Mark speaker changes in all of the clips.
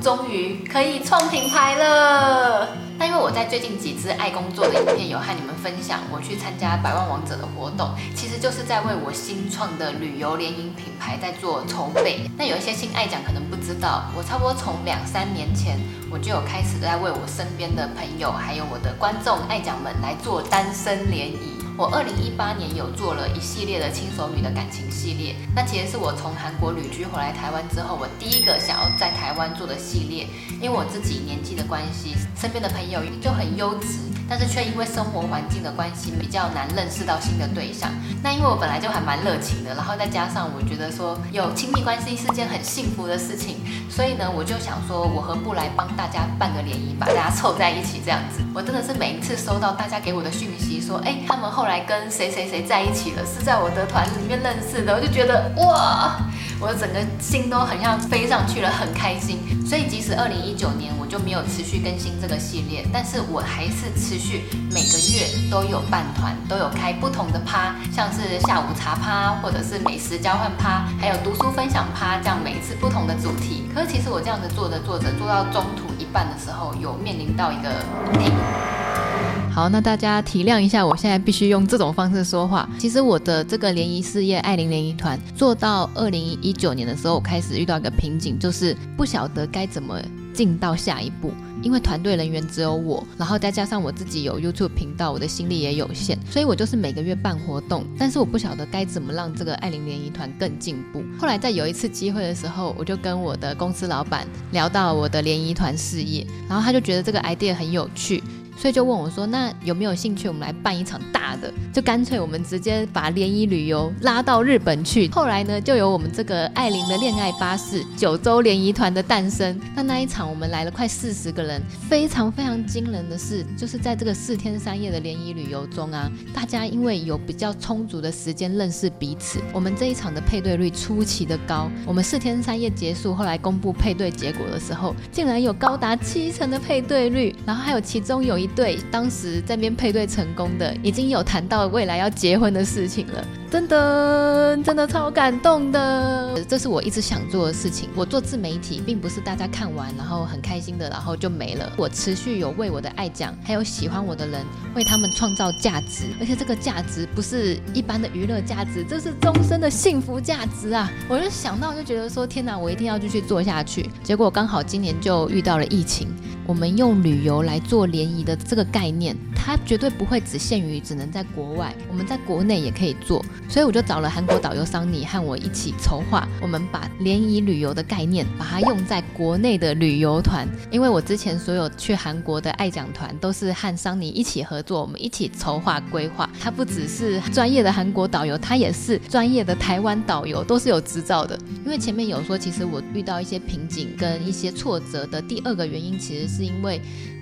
Speaker 1: 終於可以創品牌了。那因為我在最近幾支艾工作的影片有和你們分享，我去參加百萬王者的活動，其實就是在為我新創的旅遊聯誼品牌在做籌備。那有一些新艾醬可能不知道，我差不多從兩三年前我就有開始在為我身邊的朋友還有我的觀眾艾醬們來做單身聯誼。我二零一八年有做了一系列的輕熟女的感情系列，那其實是我從韓國旅居回來台灣之後，我第一個想要在台灣做的系列，因為我自己年紀的關係，身邊的朋友就很優質。但是卻因為生活環境的關係，比較難認識到新的對象。那因為我本來就還蠻熱情的，然後再加上我覺得說有親密關係是件很幸福的事情，所以呢，我就想說，我何不來幫大家辦個聯誼，把大家湊在一起這樣子？我真的是每一次收到大家給我的訊息說，說哎，他們後來跟誰誰誰在一起了，是在我的團裡面認識的，我就覺得哇。我整個心都很像飛上去了，很開心。所以即使二零一九年我就沒有持續更新這個系列，但是我還是持續每個月都有辦團，都有開不同的趴，像是下午茶趴，或者是美食交換趴，還有讀書分享趴，這樣每一次不同的主題。可是其實我這樣子做着做着，做到中途一半的時候，有面臨到一個問題。好，那大家體諒一下，我現在必須用這種方式說話。其實我的這個聯誼事業，艾琳聯誼團，做到二零一九年的時候，我開始遇到一個瓶頸，就是不曉得該怎麼進到下一步。因為團隊人員只有我，然後再加上我自己有 YouTube 頻道，我的心力也有限，所以我就是每個月辦活動，但是我不曉得該怎麼讓這個艾琳聯誼團更進步。後來在有一次機會的時候，我就跟我的公司老板聊到了我的聯誼團事業，然後他就覺得這個 idea 很有趣。所以就問我說：“那有沒有興趣？我們來辦一場大的，就乾脆我們直接把聯誼旅遊拉到日本去。”後來呢，就有我們這個艾琳的戀愛巴士九州聯誼團的誕生。那那一場，我們來了快四十個人。非常非常驚人的是，就是在這個四天三夜的聯誼旅遊中啊，大家因為有比較充足的時間認識彼此，我們這一場的配對率出奇的高。我們四天三夜結束，後來公布配對結果的時候，竟然有高達七成的配對率。然後還有其中有一。對，當時這邊配對成功的，已經有談到未來要結婚的事情了。噔噔，真的超感動的。這是我一直想做的事情。我做自媒體，並不是大家看完然後很開心的，然後就沒了。我持續有為我的艾醬，還有喜歡我的人為他們創造價值。而且這個價值不是一般的娛樂價值，這是終身的幸福價值啊！我就想到，就覺得說天哪，我一定要繼續做下去。結果剛好今年就遇到了疫情，我們用旅遊來做聯誼的這個概念，它絕對不會只限於只能在國外，我們在國內也可以做。所以我就找了韓國導遊桑尼和我一起籌劃，我們把聯誼旅遊的概念，把它用在國內的旅遊團。因為我之前所有去韓國的艾醬團都是和桑尼一起合作，我們一起籌劃規劃。他不只是專業的韓國導遊，他也是專業的台灣導遊，都是有執照的。因為前面有說，其實我遇到一些瓶頸跟一些挫折的第二個原因，其實是因為。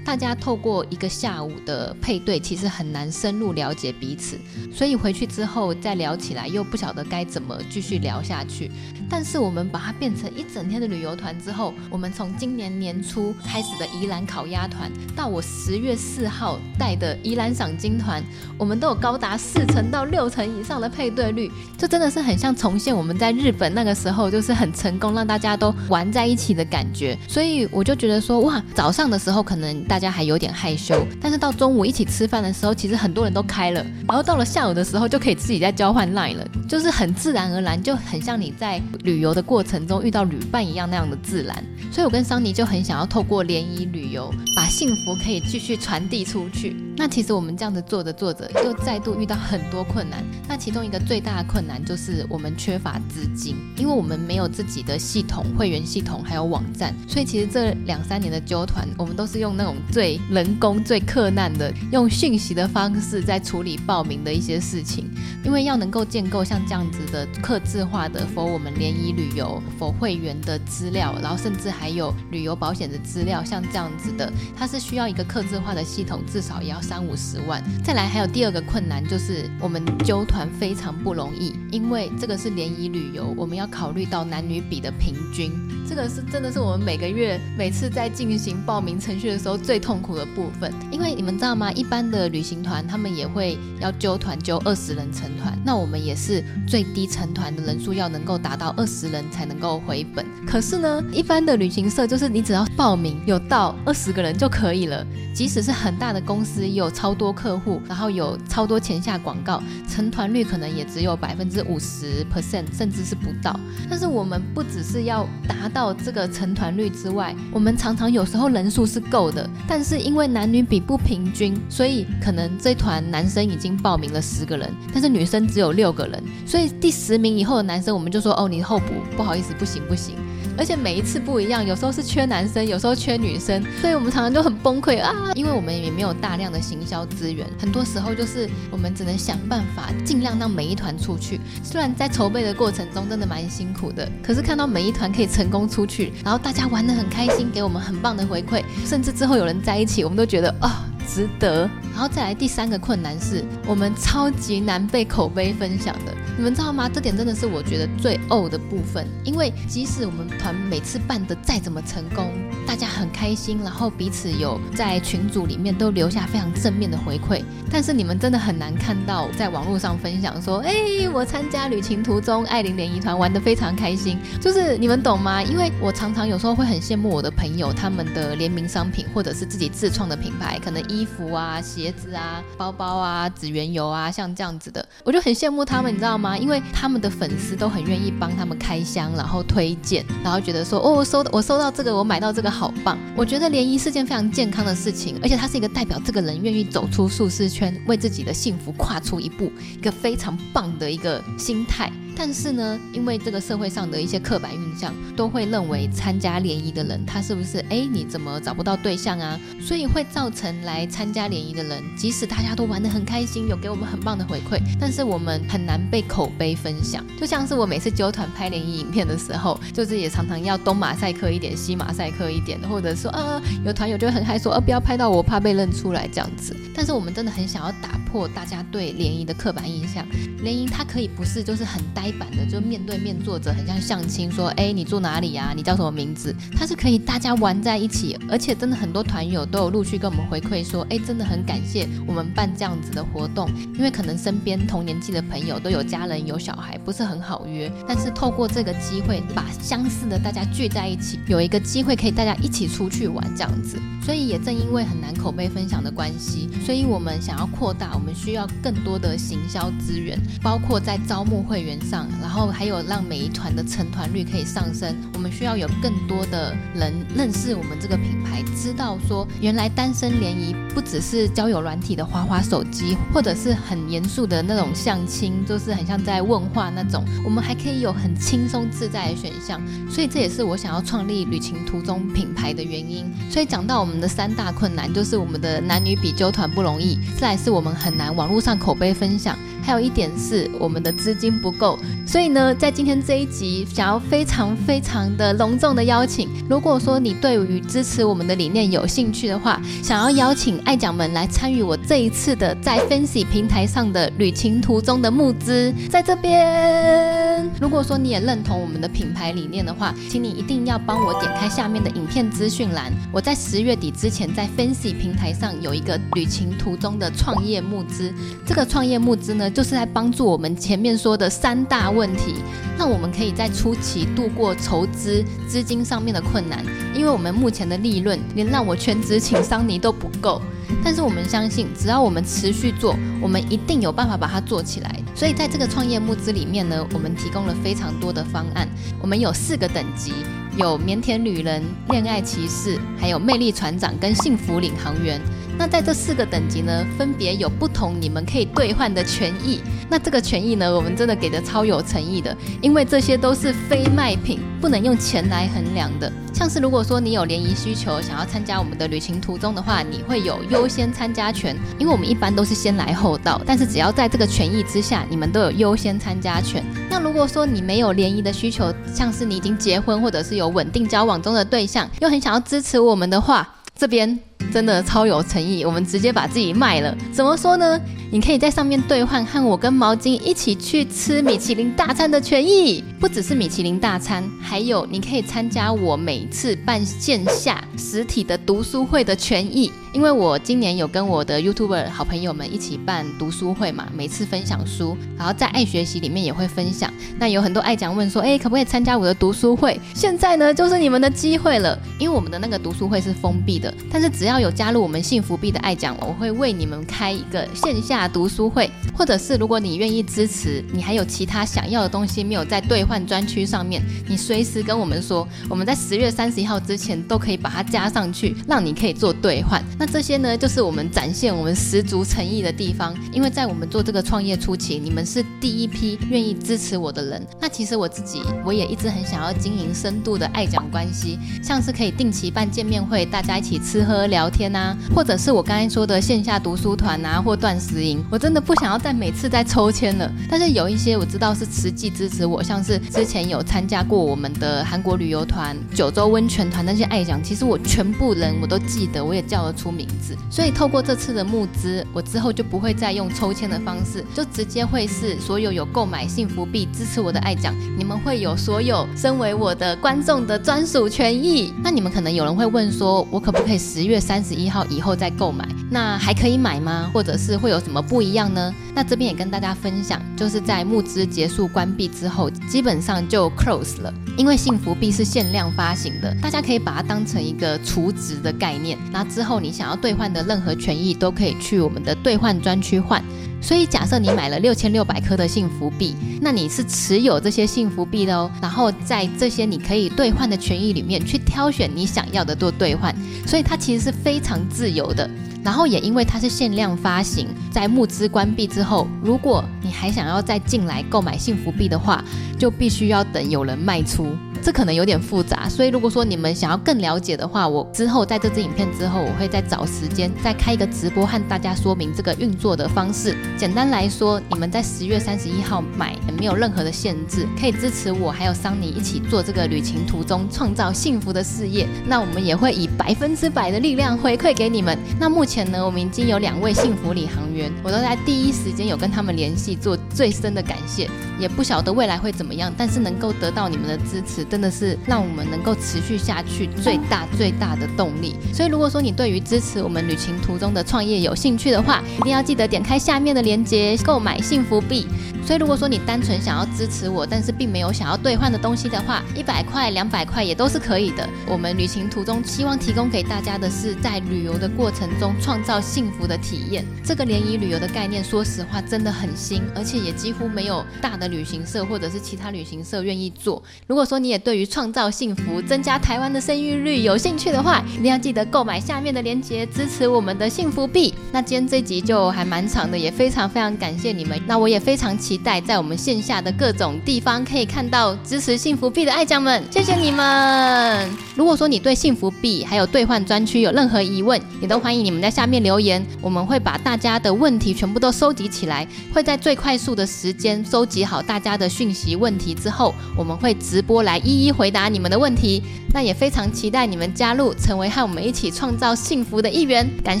Speaker 1: 大家透過一個下午的配對，其實很難深入了解彼此，所以回去之後再聊起來，又不曉得該怎麼繼續聊下去。但是我們把它變成一整天的旅遊團之後，我們從今年年初開始的宜蘭烤鴨團，到我十月四號帶的宜蘭賞金團，我們都有高達四成到六成以上的配對率，這真的是很像重現我們在日本那個時候，就是很成功讓大家都玩在一起的感覺。所以我就覺得說，哇，早上的時候可能大家還有點害羞，但是到中午一起吃飯的時候，其實很多人都開了。然後到了下午的時候，就可以自己在交換 LINE 了，就是很自然而然，就很像你在旅遊的過程中遇到旅伴一樣那樣的自然。所以我跟桑尼就很想要透過聯誼旅遊，把幸福可以繼續傳遞出去。那其實我們這樣子做着做着，又再度遇到很多困難。那其中一個最大的困難就是我們缺乏資金，因為我們沒有自己的系統、會員系統，還有網站。所以其實這兩三年的揪團，我們都是用那種最人工、最克難的，用訊息的方式在處理報名的一些事情。因為要能夠建構像這樣子的客制化的，for 我們聯誼旅遊 for 會員的資料，然後甚至還有旅遊保險的資料，像這樣子的，它是需要一個客制化的系統，至少也要。三五十萬，再來還有第二個困難，就是我們揪團，非常不容易，因為這個是聯誼旅遊，我們要考慮到男女比的平均，這個是真的是我們每個月每次在進行報名程序的時候最痛苦的部分。因為你們知道嗎？一般的旅行團他們也會要揪團，揪二十人成團，那我們也是最低成團的人數要能夠達到二十人才能夠回本。可是呢，一般的旅行社就是你只要報名有到二十個人就可以了，即使是很大的公司，有超多客戶，然後有超多線下廣告，成團率可能也只有百分之五十 percent，甚至是不到。但是我們不只是要達到這個成團率之外，我們常常有時候人數是夠的，但是因為男女比不平均，所以可能這團男生已經報名了十個人，但是女生只有六個人，所以第十名以後的男生我們就說哦，你候補，不好意思，不行不行。而且每一次不一樣，有時候是缺男生，有時候缺女生，所以我們常常都很崩潰啊！因為我們也沒有大量的行銷資源，很多時候就是我們只能想辦法，盡量讓每一團出去。雖然在籌備的過程中真的蠻辛苦的，可是看到每一團可以成功出去，然後大家玩得很開心，給我們很棒的回饋，甚至之後有人在一起，我們都覺得啊。哦值得，然後再來第三個困難是我們超級難被口碑分享的，你們知道嗎？這點真的是我覺得最嘔的部分，因為即使我們團每次辦得再怎麼成功，大家很開心，然後彼此有在群組裡面都留下非常正面的回饋，但是你們真的很難看到在網絡上分享說，哎、欸，我參加旅情途中，艾琳聯誼團玩得非常開心，就是你們懂嗎？因為我常常有時候會很羨慕我的朋友，他們的聯名商品或者是自己自創的品牌，可能一，衣服啊，鞋子啊，包包啊，指緣油啊，像這樣子的，我就很羨慕他們，你知道嗎？因為他們的粉絲都很願意幫他們開箱，然後推薦，然後覺得說，哦，我收到我收到這個，我買到這個好棒。我覺得聯誼是件非常健康的事情，而且它是一個代表這個人願意走出舒適圈，為自己的幸福跨出一步，一個非常棒的一個心態。但是呢，因為這個社會上的一些刻板印象，都會認為參加聯誼的人他是不是哎，你怎麼找不到對象啊？所以會造成來參加聯誼的人，即使大家都玩得很開心，有給我們很棒的回饋，但是我們很難被口碑分享。就像是我每次揪團拍聯誼影片的時候，就是也常常要東馬賽克一點，西馬賽克一點，或者說呃、啊，有團友就很害說，呃、啊，不要拍到我，怕被認出來這樣子。但是我們真的很想要打破大家對聯誼的刻板印象，聯誼它可以不是就是很呆。版的就面對面坐着，很像相親，說、欸、哎，你住哪裡啊？你叫什麼名字？它是可以大家玩在一起，而且真的很多團友都有陸續跟我們回饋說，哎、欸，真的很感謝我們辦這樣子的活動，因為可能身邊同年紀的朋友都有家人有小孩，不是很好約。但是透過這個機會，把相似的大家聚在一起，有一個機會可以大家一起出去玩這樣子。所以也正因為很難口碑分享的關係，所以我們想要擴大，我們需要更多的行銷資源，包括在招募會員上。然後還有讓每一團的成團率可以上升，我們需要有更多的人認識我們這個品牌，知道說原來單身聯誼不只是交友軟體的滑滑手機，或者是很嚴肅的那種相親，就是很像在問話那種。我們還可以有很輕鬆自在的選項，所以這也是我想要創立旅情途中品牌的原因。所以講到我們的三大困難，就是我們的男女比揪團不容易，再來是我們很難網絡上口碑分享，還有一點是我們的資金不夠。所以呢，在今天這一集，想要非常非常的隆重的邀請，如果說你對於支持我們的理念有興趣的話，想要邀請艾醬們來參與我這一次的在 Fansi 平台上的旅情途中的募資，在這邊。如果說你也認同我們的品牌理念的話，請你一定要幫我點開下面的影片資訊欄。我在十月底之前在 Fansi 平台上有一個旅行途中的創業募資，這個創業募資呢，就是在幫助我們前面說的三大問題，讓我們可以在初期度過籌資資金上面的困難，因為我們目前的利潤連讓我全職請桑尼都不夠。但是我們相信，只要我們持續做，我們一定有辦法把它做起來。所以，在這個創業募資裡面呢，我們提供了非常多的方案。我們有四個等級，有腼腆旅人、戀愛騎士，還有魅力船長跟幸福領航員。那在這四個等級呢，分別有不同你們可以兌換的權益。那這個權益呢，我們真的給的超有誠意的，因為這些都是非賣品，不能用錢來衡量的。像是如果說你有聯誼需求，想要參加我們的旅情途中的話，你會有優先參加權，因為我們一般都是先來後到。但是只要在這個權益之下，你們都有優先參加權。那如果說你沒有聯誼的需求，像是你已經結婚或者是有穩定交往中的對象，又很想要支持我們的話，這邊。真的超有誠意，我們直接把自己賣了。怎麼說呢？你可以在上面兌換和我跟毛巾一起去吃米其林大餐的權益。不只是米其林大餐，還有你可以參加我每次辦線下實體的讀書會的權益。因為我今年有跟我的 YouTuber 好朋友們一起辦讀書會嘛，每次分享書，然後在艾學習裡面也會分享。那有很多艾醬問說，哎、欸，可不可以參加我的讀書會？現在呢，就是你們的機會了。因為我們的那個讀書會是封閉的，但是只要有加入我們幸福幣的艾醬，我會為你們開一個線下讀書會。或者是，如果你願意支持，你還有其他想要的東西沒有在兌換專區上面，你隨時跟我們說，我們在十月三十一號之前都可以把它加上去，讓你可以做兌換。那這些呢，就是我們展現我們十足誠意的地方。因為在我們做這個創業初期，你們是第一批願意支持我的人。那其實我自己，我也一直很想要經營深度的艾醬關係，像是可以定期辦見面會，大家一起吃喝聊天吶、啊，或者是我剛才說的線下讀書團啊，或斷食營。我真的不想要再每次再抽籤了。但是有一些我知道是實際支持我，像是之前有參加過我們的韓國旅遊團、九州溫泉團那些艾醬，其實我全部人我都記得，我也叫得出名字，所以透過這次的募資，我之後就不會再用抽籤的方式，就直接會是所有有購買幸福幣支持我的艾醬，你們會有所有身為我的觀眾的專屬權益。那你們可能有人會問說，我可不可以十月三十一號以後再購買？那還可以買嗎？或者是會有什麼不一樣呢？那這邊也跟大家分享，就是在募資結束關閉之後，基本上就 close 了，因為幸福幣是限量發行的，大家可以把它當成一個儲值的概念。那之後你。想要兌換的任何權益都可以去我們的兌換專區換。所以，假設你買了六千六百顆的幸福幣，那你是持有這些幸福幣的哦。然後，在這些你可以兌換的權益裡面去挑選你想要的做兌換，所以它其實是非常自由的。然後，也因為它是限量發行，在募資關閉之後，如果你還想要再進來購買幸福幣的話，就必須要等有人賣出。這可能有點複雜，所以如果說你們想要更了解的話，我之後在這支影片之後，我會再找時間再開一個直播和大家說明這個運作的方式。簡單來說，你們在十月三十一號買也沒有任何的限制，可以支持我還有桑尼一起做這個旅情途中創造幸福的事業。那我們也會以百分之百的力量回饋給你們。那目前呢，我們已經有兩位幸福領航員，我都在第一時間有跟他們聯繫，做最深的感謝。也不曉得未來會怎麼樣，但是能夠得到你們的支持真的是讓我們能夠持續下去最大最大的動力。所以，如果說你對於支持我們旅情途中的創業有興趣的話，一定要記得點開下面的鏈接購買幸福幣。所以如果說你單純想要支持我，但是並沒有想要兌換的東西的話，一百塊、兩百塊也都是可以的。我們旅情途中希望提供給大家的是在旅遊的過程中創造幸福的體驗。這個聯誼旅遊的概念，說實話真的很新，而且也幾乎沒有大的旅行社或者是其他旅行社願意做。如果說你也對於創造幸福、增加台灣的生育率有興趣的話，一定要記得購買下面的鏈接支持我們的幸福幣。那今天這集就還蠻長的，也非常非常感謝你們。那我也非常期。在在我們線下的各種地方可以看到支持幸福幣的艾醬們，謝謝你們。如果說你對幸福幣還有兌換專區有任何疑問，也都歡迎你們在下面留言，我們會把大家的問題全部都收集起來，會在最快速的時間收集好大家的訊息問題之後，我們會直播來一一回答你們的問題。那也非常期待你們加入，成為和我們一起創造幸福的一員。感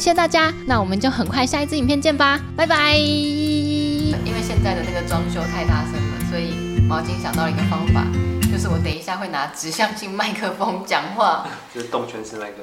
Speaker 1: 謝大家，那我們就很快下一支影片見吧，拜拜。現在的那個裝修太大聲了，所以毛巾想到了一個方法，就是我等一下會拿指向性麥克風講話， 就是動圈式那個。